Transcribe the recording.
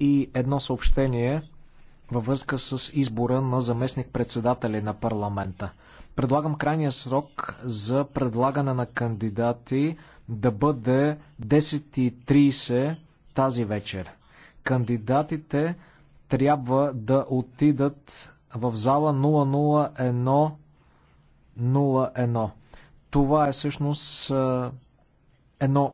и едно съобщение във връзка с избора на заместник-председатели на парламента. Предлагам крайния срок за предлагане на кандидати да бъде 10.30 тази вечер. Кандидатите трябва да отидат в зала 001 01. Това е всъщност едно